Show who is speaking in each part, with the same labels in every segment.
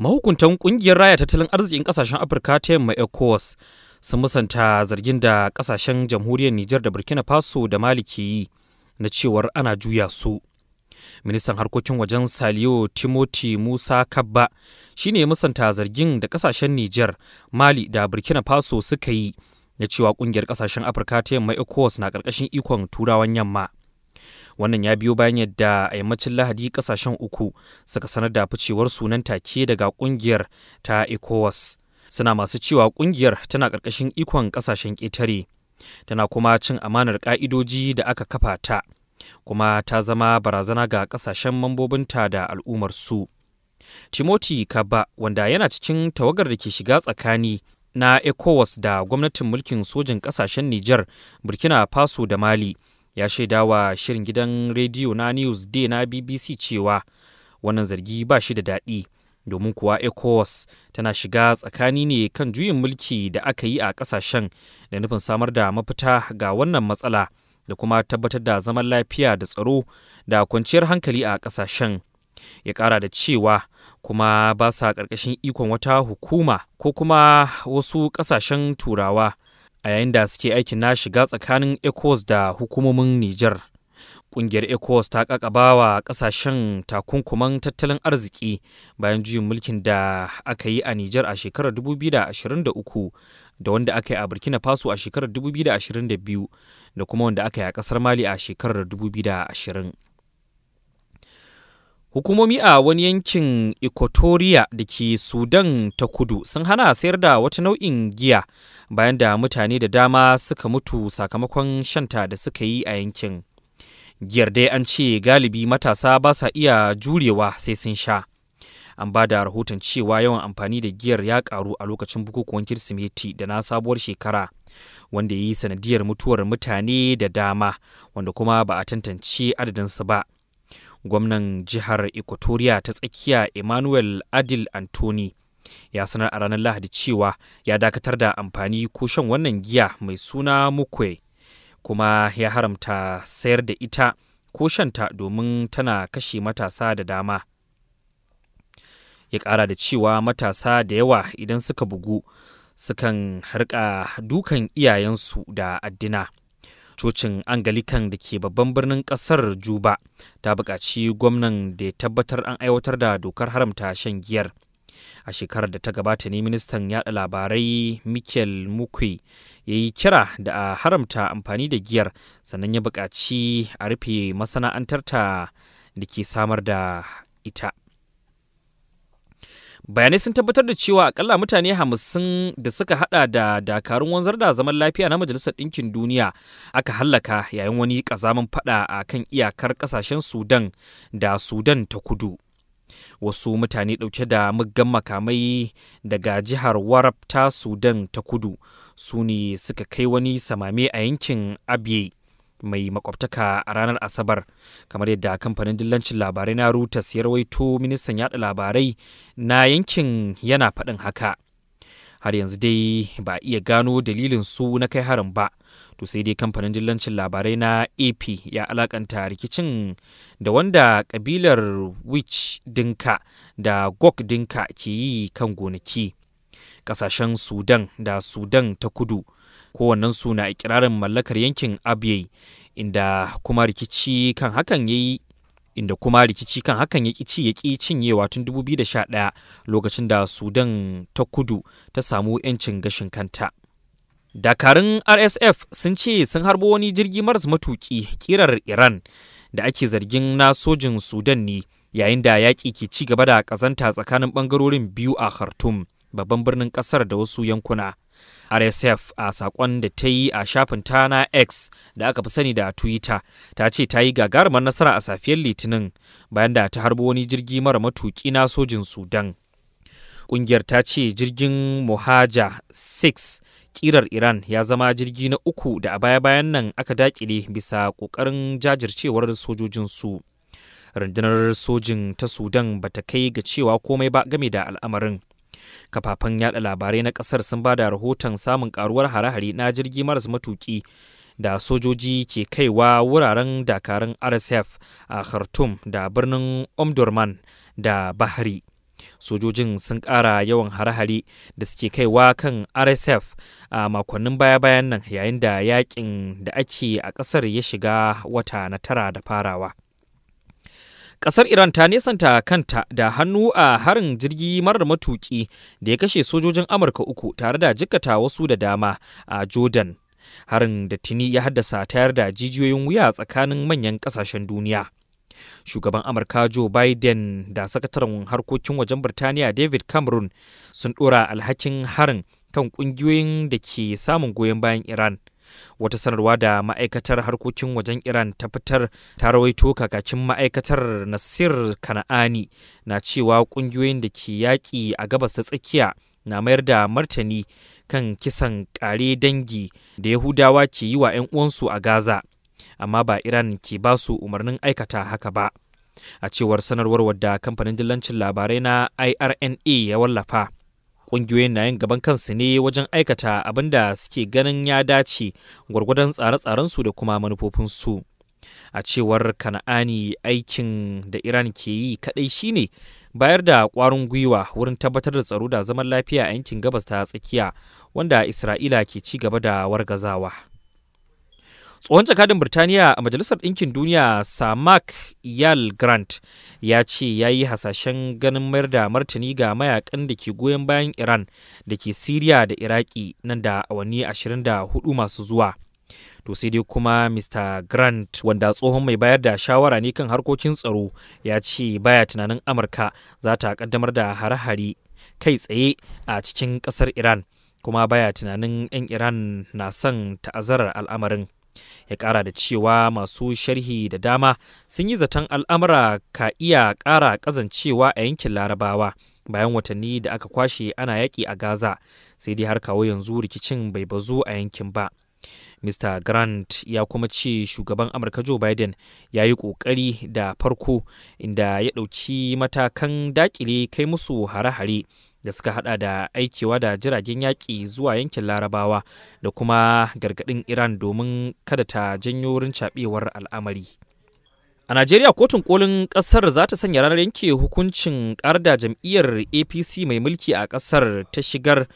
Speaker 1: mahukuntan kungiyar raya tattalin arzikin kasashen afirka ta yamma ecowas sun musanta zargin da kasashen jamhuriyar nijar da burkina faso da mali ke yi na cewar ana juya su ministan harkokin wajen saliyo timoti musa kabba shine musanta zargin da kasashen nijar mali da burkina faso suka yi na cewa kungiyar kasashen afirka ta yamma ecowas na karkashin ikon turawan yamma wannan ya biyo bayan yadda a yammacin lahadi kasashen uku suka sanar da ficewar sunan take daga kungiyar ta ecowas suna masu cewa kungiyar tana ƙarƙashin ikon kasashen ƙetare tana kuma cin amanar ƙa'idoji da aka kafa ta kuma ta zama barazana ga kasashen mambobinta da al'ummar su timothy kaba wanda yana cikin tawagar da ke shiga tsakani na ecowas da gwamnatin mulkin sojin kasashen niger burkina faso da mali ya shaida wa shirin gidan rediyo na news day na bbc cewa wannan zargi ba shi da daɗi domin kuwa ecowas tana shiga tsakani ne kan juyin mulki da aka yi a ƙasashen da nufin samar da mafita ga wannan matsala da kuma tabbatar da zaman lafiya da tsaro da kwanciyar hankali a ƙasashen ya ƙara da cewa kuma ba sa ƙarƙashin ikon wata hukuma ko kuma wasu ƙasashen turawa a yayin da suke aikin na shiga tsakanin ecos da hukumomin niger kungiyar ecos ta kakaba wa kasashen takunkuman tattalin arziki bayan juyin mulkin da aka yi a niger a shekarar 2023 da wanda aka yi a Burkina Faso a shekarar 2022 da kuma wanda aka yi a kasar Mali a shekarar 2020. Hukumomi a wani yankin Equatoria da ke Sudan ta kudu sun hana sayar da wata nau'in giya bayan da mutane da dama suka mutu sakamakon shanta da suka yi a yankin. Giyar dai an ce galibi matasa ba sa iya jurewa sai sun sha. An ba da rahoton cewa yawan amfani da giyar ya karu a lokacin bukukuwan Kirsimeti da na sabuwar shekara, wanda ya yi sanadiyar mutuwar mutane da dama, wanda kuma ba a tantance adadinsu ba. gwamnan jihar equatoria ta tsakiya emmanuel adil antoni ya sanar a ranar lahadi cewa ya dakatar da amfani ko shan wannan giya mai suna mukwe kuma ya haramta sayar da ita ko shanta domin tana kashe matasa da dama ya ƙara da cewa matasa da yawa idan suka bugu sukan harka dukan iyayensu da addina cocin angalikan da ke babban birnin kasar juba ta buƙaci gwamnan da ya tabbatar an aiwatar da dokar haramta shan giyar a shekarar da ta gabata ne ministan yaɗa labarai michael mukwe ya yi kira da a haramta amfani da giyar sannan ya buƙaci a rufe masana'antarta da ke samar da ita bayanai sun tabbatar da cewa akalla mutane hamsin da suka hada da dakarun wanzar da zaman lafiya na majalisar ɗinkin duniya aka hallaka yayin wani ƙazamin fada a kan iyakar ƙasashen sudan da sudan ta kudu wasu mutane ɗauke da muggan makamai daga jihar warabta sudan ta kudu su ne suka kai wani samame a yankin abyei mai makwabtaka a ranar asabar kamar yadda kamfanin dillancin labarai na rutas ya rawaito ministan yada labarai na yankin yana faɗin haka har yanzu dai ba iya gano dalilin su na kai harin ba to sai dai kamfanin dillancin labarai na ap ya alakanta rikicin da wanda kabilar witch dinka da gok dinka ke yi kan gonaki kasashen sudan da sudan ta kudu kowannensu na ikirarin mallakar yankin abyei inda kuma rikici kan hakan ya yi inda kuma rikici kan hakan ya ci ya cinyewa tun 2011 lokacin da sudan ta kudu ta samu 'yancin gashin kanta dakarun rsf sun ce sun harbo wani jirgi maras matuki kirar iran da ake zargin na sojin sudan ne yayin da yaƙi ke ci gaba da ƙazanta tsakanin ɓangarorin biyu a khartum. babban birnin kasar da wasu yankuna rsf a sakon da ta yi a shafin tana x da aka fi sani da twitter ta ce ta yi gagarumar nasara a safiyar litinin bayan da ta harbo wani jirgi mara matuki na sojin sudan ƙungiyar ta ce jirgin mohaja 6 ƙirar iran ya zama jirgi na uku da a baya-bayan nan aka dakile bisa ƙoƙarin jajircewar sojojin su rundunar sojin ta sudan bata kai ga cewa komai ba game da al'amarin kafafen yada labarai na kasar sun bada rahoton samun karuwar hare-hare na jirgi maras matuki da sojoji ke kaiwa wuraren dakarun rsf a khartoum da birnin omdurman da bahari sojojin sun kara yawan hare-hare da suke kaiwa kan rsf a makonnin baya-bayan nan yayin da yakin da ake a kasar ya shiga wata na tara da farawa Ƙasar Iran ta nesanta kanta da hannu a harin jirgi marar matuƙi da ya kashe sojojin Amurka uku tare da jikkata wasu da dama a Jordan. Harin da tuni ya haddasa tayar da jijiyoyin wuya tsakanin manyan ƙasashen duniya. Shugaban Amurka Joe Biden da sakataren harkokin wajen Birtaniya David Cameron sun ɗora alhakin harin kan ƙungiyoyin da ke samun goyon bayan Iran. wata sanarwa da ma'aikatar harkokin wajen iran ta fitar ta rawaito kakakin ma'aikatar nasir kana'ani na cewa kungiyoyin da ke yaƙi a gabas ta tsakiya na mayar da martani kan kisan ƙare dangi da yahudawa ke yi wa 'yan uwansu a gaza amma ba iran ke ba su umarnin aikata haka ba a cewar sanarwar wadda kamfanin dillancin labarai na irna ya wallafa ƙungiyoyin na yin gaban kansu ne wajen aikata abin da suke ganin ya dace gwargwadon tsare tsaren su da kuma manufofin su a cewar kana'ani aikin da iran ke yi kaɗai shine bayar da kwarin gwiwa wurin tabbatar da tsaro da zaman lafiya a yankin gabas ta tsakiya wanda isra'ila ke ci gaba da wargazawa tsohon jakadin birtaniya a majalisar ɗinkin duniya samak yal grant ya ce ya yi hasashen ganin mayar da martani ga mayakan da ke goyon bayan iran da ke siriya da iraki nan da awanni 24 masu zuwa to sai dai kuma mr grant wanda tsohon mai bayar da shawara ne kan harkokin tsaro ya ce baya tunanin amurka za ta kaddamar da hare-hare kai tsaye a cikin kasar iran kuma baya tunanin 'yan iran na son ta'azarar al'amarin ya ƙara da cewa masu sharhi da dama sun yi zaton al'amura ka iya ƙara ƙazancewa a yankin larabawa bayan watanni da aka kwashe ana yaƙi a gaza sai dai har kawo yanzu rikicin bai bazu a yankin ba Mr. Grant ya kuma ce shugaban Amurka Joe Biden ya yi ƙoƙari da farko inda ya ɗauki matakan daƙile kai musu hare-hare da suka hada da aikewa da jiragen yaƙi zuwa yankin larabawa da kuma gargaɗin iran domin kada ta janyo rincaɓewar al'amari a najeriya kotun kolin ƙasar za ta sanya ranar yanke hukuncin da jam'iyyar apc mai mulki a ƙasar ta shigar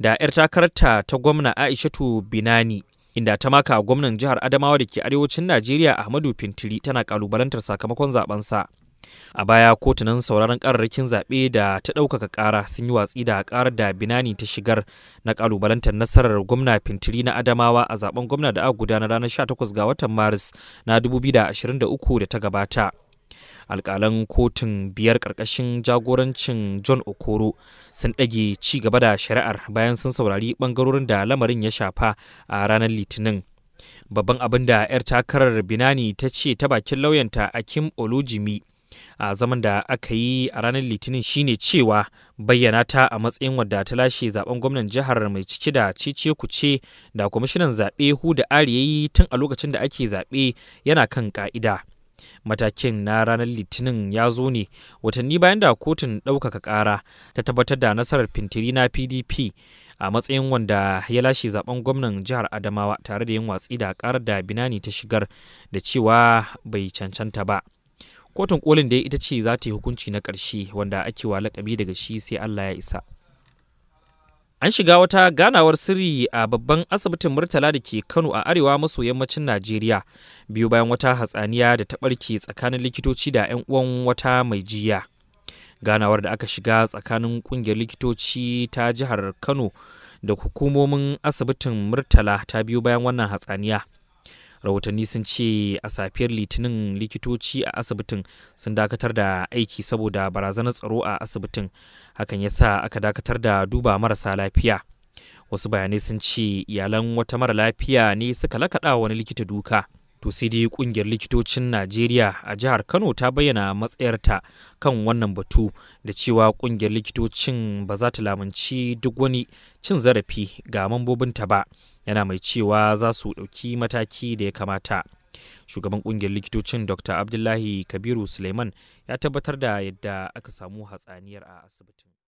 Speaker 1: da 'yar takarta ta gwamna aishatu binani inda ta maka gwamnan jihar adamawa da ke arewacin najeriya ahmadu fintiri tana kalubalantar sakamakon zabensa a baya kotunan sauraron kararrakin zaɓe da ta ɗaukaka ƙara sun yi watsi da ƙarar da binani ta shigar na ƙalubalantar nasarar gwamna fintiri na adamawa a zaben gwamna da aka gudana ranar 18 ga watan maris na 2023 da ta gabata alƙalan kotun biyar ƙarƙashin jagorancin john okoro sun ɗage ci gaba da shari'ar bayan sun saurari ɓangarorin da lamarin ya shafa a ranar litinin babban abin da 'yar takarar binani ta ce ta bakin lauyanta akim olujimi a zaman da aka yi a ranar litinin shine cewa bayyana ta a matsayin wadda ta lashe zaben gwamnan jihar mai cike da ku kuce da kwamishinan zaɓe huda ari yayi tun a lokacin da ake zaɓe yana kan ka'ida matakin na ranar litinin ya zo ne watanni bayan da kotun ɗaukaka ƙara ta tabbatar da nasarar fintiri na pdp a matsayin wanda ya lashe zaben gwamnan jihar adamawa tare da yin watsi da ƙarar da binani ta shigar da cewa bai cancanta ba kotun kolin da ita ce za ta yi hukunci na ƙarshe wanda ake wa lakabi daga shi sai allah ya isa an shiga wata ganawar sirri a babban asibitin murtala da ke kano a arewa maso yammacin najeriya biyu bayan wata hatsaniya da ta ɓarke tsakanin likitoci da 'yan uwan wata mai jiya ganawar da aka shiga tsakanin ƙungiyar likitoci ta jihar kano da hukumomin asibitin murtala ta biyu bayan wannan hatsaniya rahotanni sun ce a safiyar litinin likitoci a asibitin sun dakatar da aiki saboda barazanar tsaro a asibitin hakan ya sa aka dakatar da duba marasa lafiya wasu bayanai sun ce iyalan wata mara lafiya ne suka lakaɗa wani likita duka to sai dai kungiyar likitocin najeriya a jihar kano ta bayyana matsayarta kan wannan batu da cewa kungiyar likitocin ba za ta lamunci duk wani cin zarafi ga mambobinta ba yana mai cewa za su ɗauki mataki da ya kamata shugaban kungiyar likitocin dr abdullahi kabiru suleiman ya tabbatar da yadda aka samu hatsaniyar a asibitin